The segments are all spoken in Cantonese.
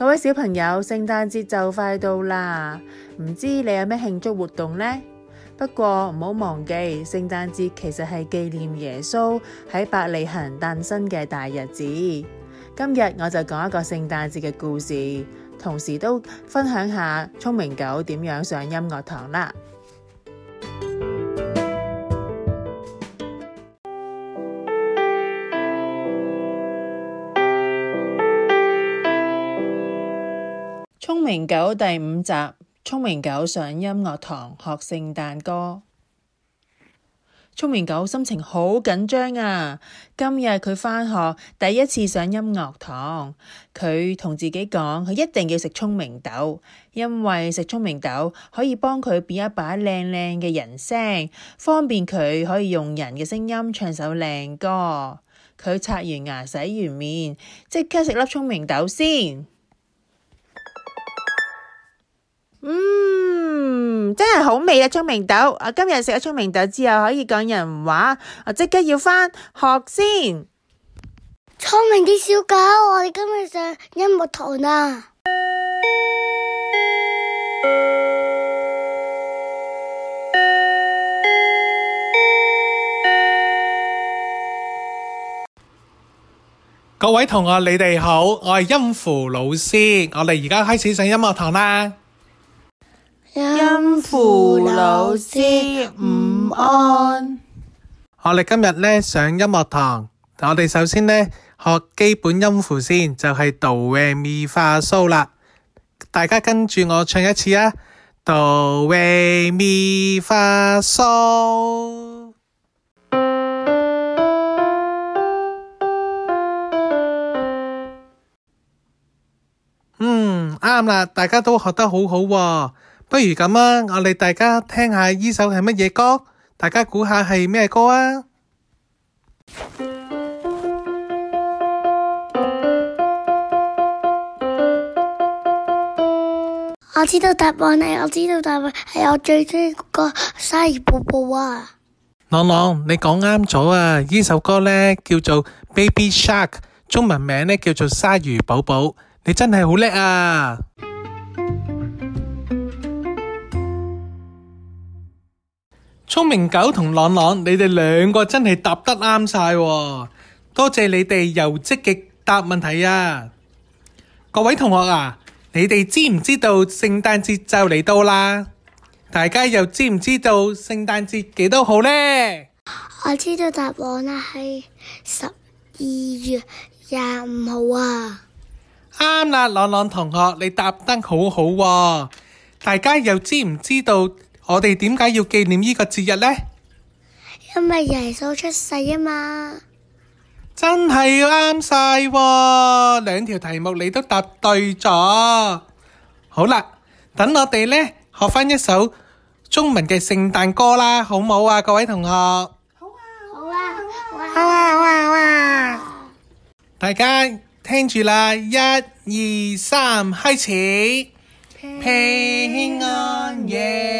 各位小朋友，聖誕節就快到啦，唔知你有咩慶祝活動呢？不過唔好忘記，聖誕節其實係紀念耶穌喺伯利恆誕生嘅大日子。今日我就講一個聖誕節嘅故事，同時都分享下聰明狗點樣上音樂堂啦。聰明狗第五集，聰明狗上音樂堂學聖誕歌。聰明狗心情好緊張啊！今日佢返學第一次上音樂堂，佢同自己講：佢一定要食聰明豆，因為食聰明豆可以幫佢變一把靚靚嘅人聲，方便佢可以用人嘅聲音唱首靚歌。佢刷完牙、洗完面，即刻食粒聰明豆先。嗯，真係好味啊！聰明豆，我今日食咗聰明豆之後可以講人話。我即刻要返學先。聰明啲小狗，我哋今日上音樂堂啦。各位同學，你哋好，我係音符老師，我哋而家開始上音樂堂啦。音符老師，午安，我哋今日咧上音樂堂，我哋首先咧學基本音符先，就係、是、do、re、mi、fa、so、啦。大家跟住我唱一次啊，do、re、mi、fa、so。嗯，啱啦，大家都學得好好、啊、喎。不如咁啊！我哋大家聽下呢首係乜嘢歌，大家估下係咩歌啊，我？我知道答案，我知道答案係我最中意個《鯊魚寶寶》啊！朗朗，你講啱咗啊！呢首歌呢，叫做《Baby Shark》，中文名呢，叫做《鯊魚寶寶》。你真係好叻啊！明狗同朗朗，你哋兩個真係答得啱晒，多謝你哋又積極答問題啊！各位同學啊，你哋知唔知道聖誕節就嚟到啦？大家又知唔知道聖誕節幾多號呢？我知道答案啦，係十二月廿五號啊！啱啦，朗朗同學，你答得好好、啊、喎！大家又知唔知道？我哋點解要紀念呢個節日呢？因為耶穌出世啊嘛！真係啱晒，兩條題目你都答對咗。好啦，等我哋呢學返一首中文嘅聖誕歌啦，好冇啊，各位同學。好啊，好啊，好啊，好啊，好啊，好啊！大家聽住啦，一二三，開始。平安夜。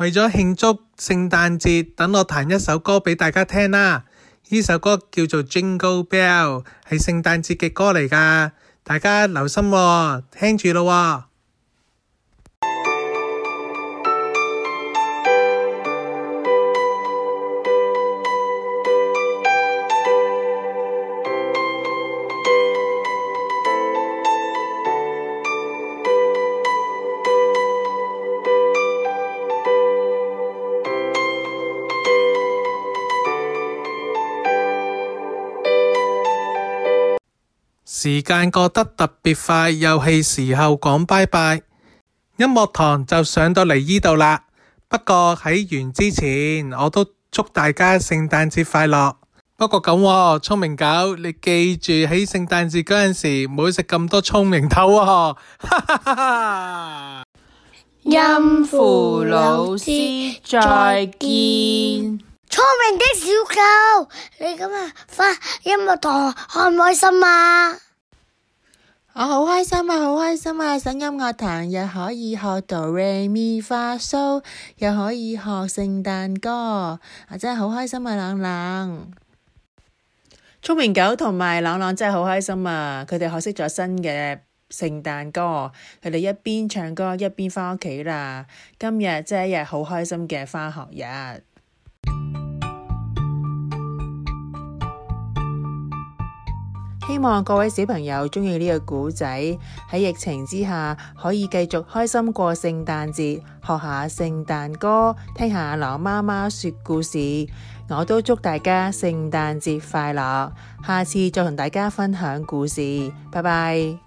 為咗慶祝聖誕節，等我彈一首歌畀大家聽啦！呢首歌叫做《Jingle Bell》，係聖誕節嘅歌嚟㗎，大家留心喎，聽住喇喎！時間過得特別快，又係時候講拜拜。音樂堂就上到嚟呢度啦。不過喺完之前，我都祝大家聖誕節快樂。不過咁噃，聰明狗，你記住喺聖誕節嗰陣時唔好食咁多聰明豆啊、哦！哈 ！音符老師再見，聰明的小狗，你今日翻音樂堂開唔開心啊？我好、哦、開心啊，好開心啊！上音樂堂又可以學哆唻咪花蘇，又可以學聖誕、so，歌，我、啊、真係好開心啊！朗朗、聰明狗同埋朗朗真係好開心啊！佢哋學識咗新嘅聖誕歌，佢哋一邊唱歌一邊返屋企啦。今日真係一日好開心嘅返學日。希望各位小朋友中意呢個故仔，喺疫情之下可以繼續開心過聖誕節，學下聖誕歌，聽下狼媽媽說故事。我都祝大家聖誕節快樂，下次再同大家分享故事，拜拜。